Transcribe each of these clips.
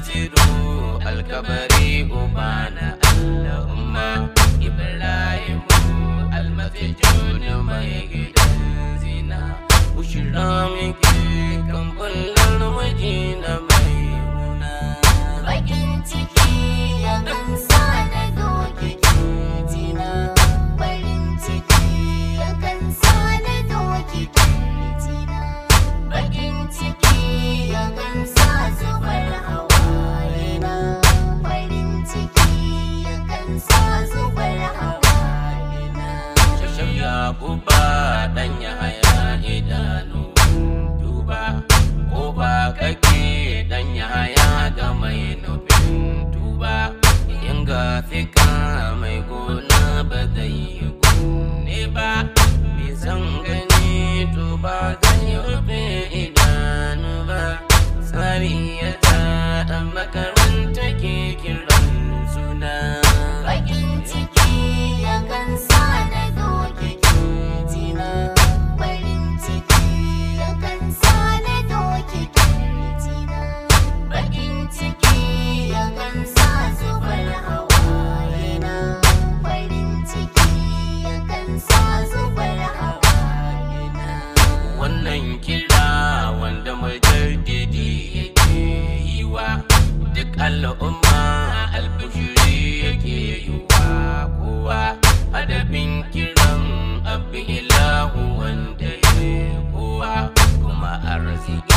المسجد الكبر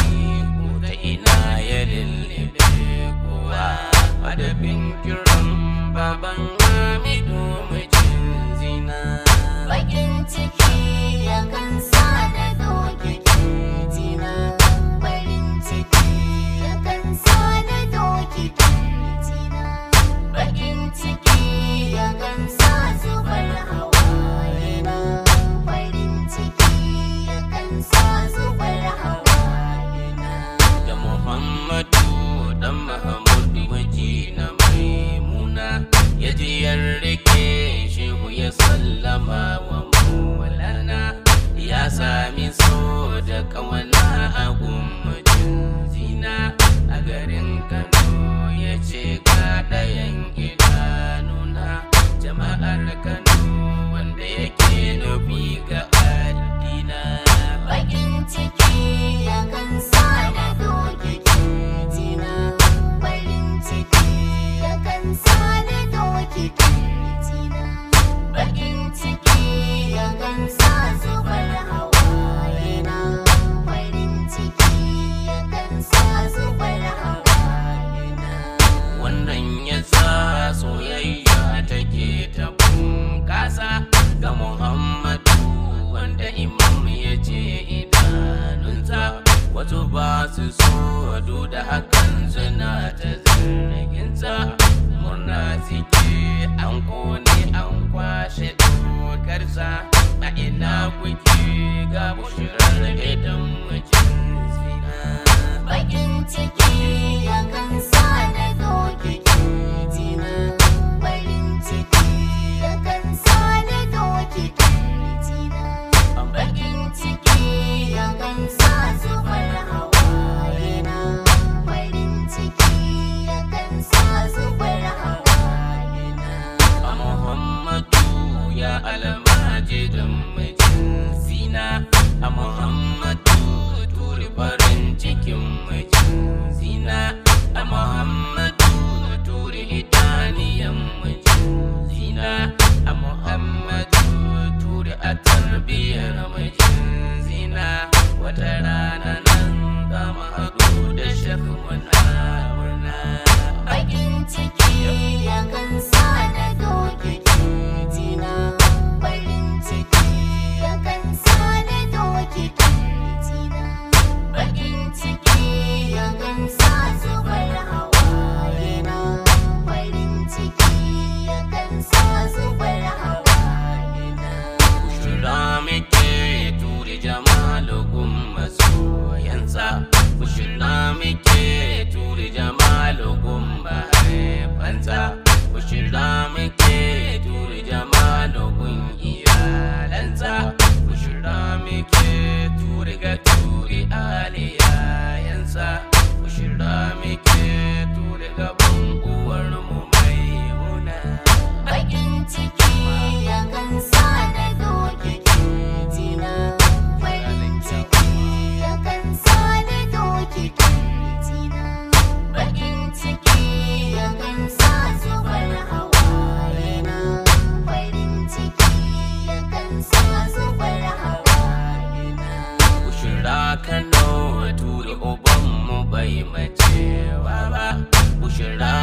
iko ta ina ya lullube kowa kiran baban hamidu mijin zina bakin ciki ya kansa da doki zina barin ciki ya kansa da doki zina bakin ciki ya kansa mama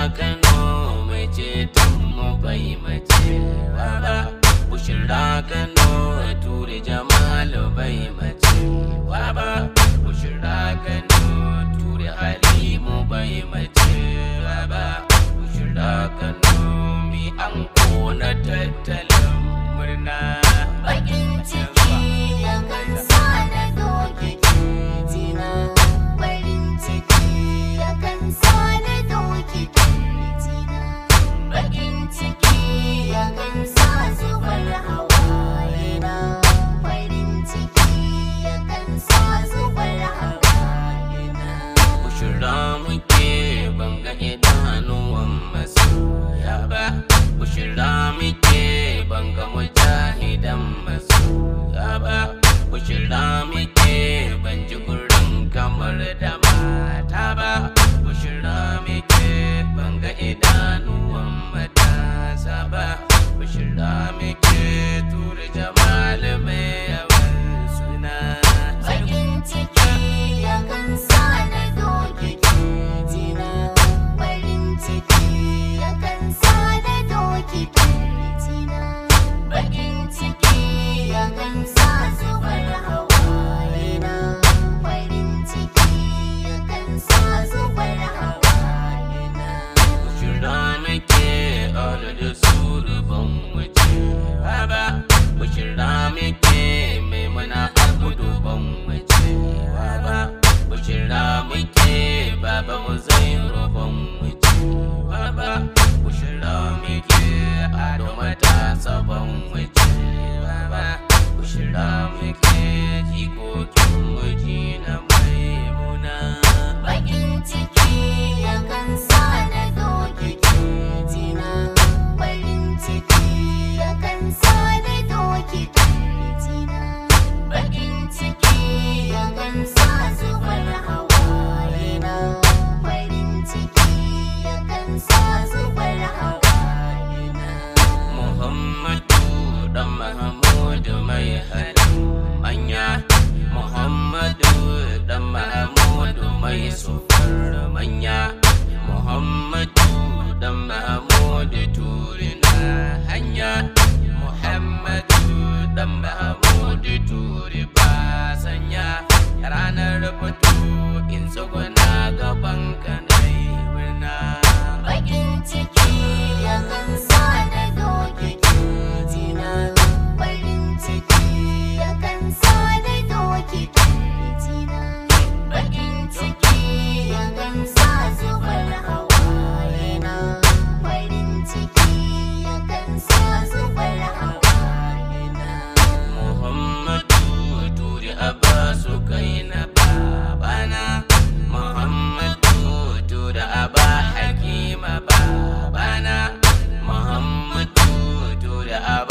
Kano mai ce mu bai mace ba Bushira Kano ture Jamalu bai mace ba Bushira Kano ture Halimu bai mace ba Bushira Kano mi an kona tattalin murna dancing. da manya Muhammadu dan Mahmudu the um,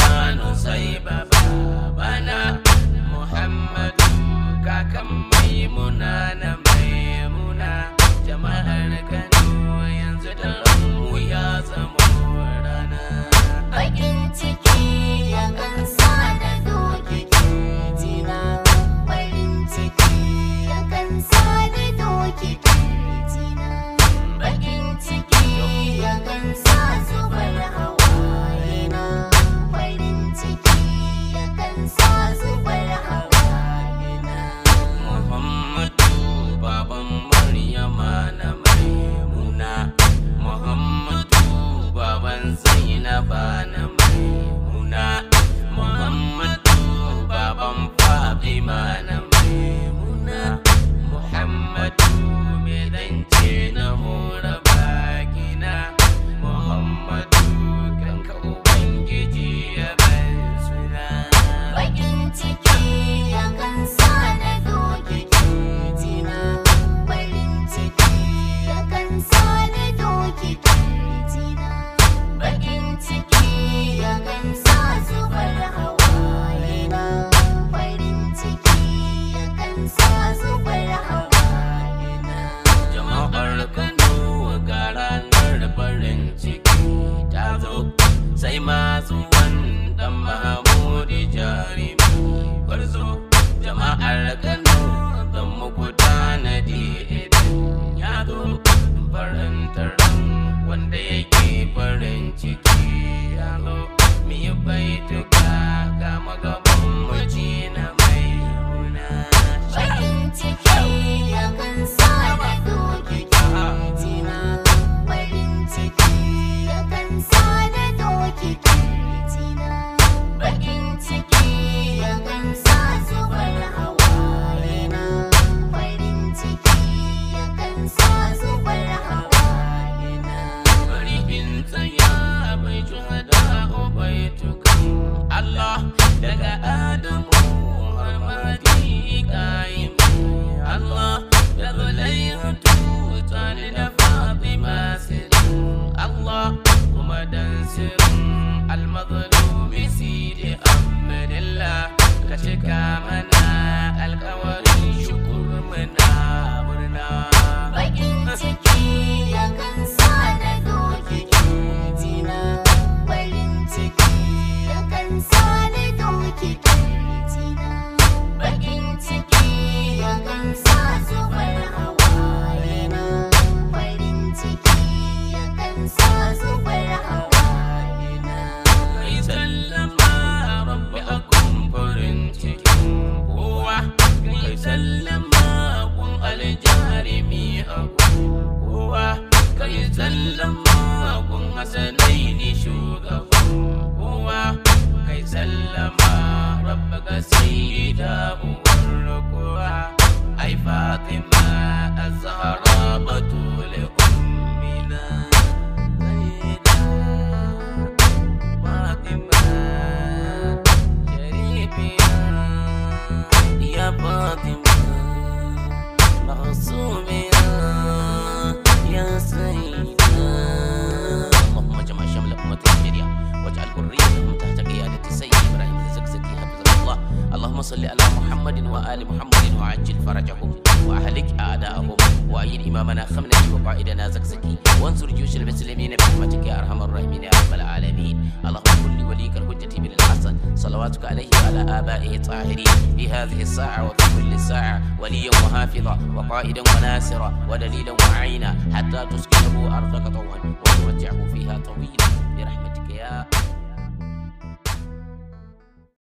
صل على محمد وآل محمد وعجل فرجهم وأهلك أعداءهم وأين إمامنا خمنك وقائدنا زكزكي وانصر جيوش المسلمين برحمتك يا أرحم الراحمين يا رب العالمين اللهم كن لوليك الحجة بن الحسن صلواتك عليه وعلى آبائه الطاهرين في هذه الساعة وفي كل ساعة وليا وحافظا وقائدا وناصرا ودليلا وعينا حتى تسكنه أرضك طوعا وتمتعه فيها طويلا برحمتك يا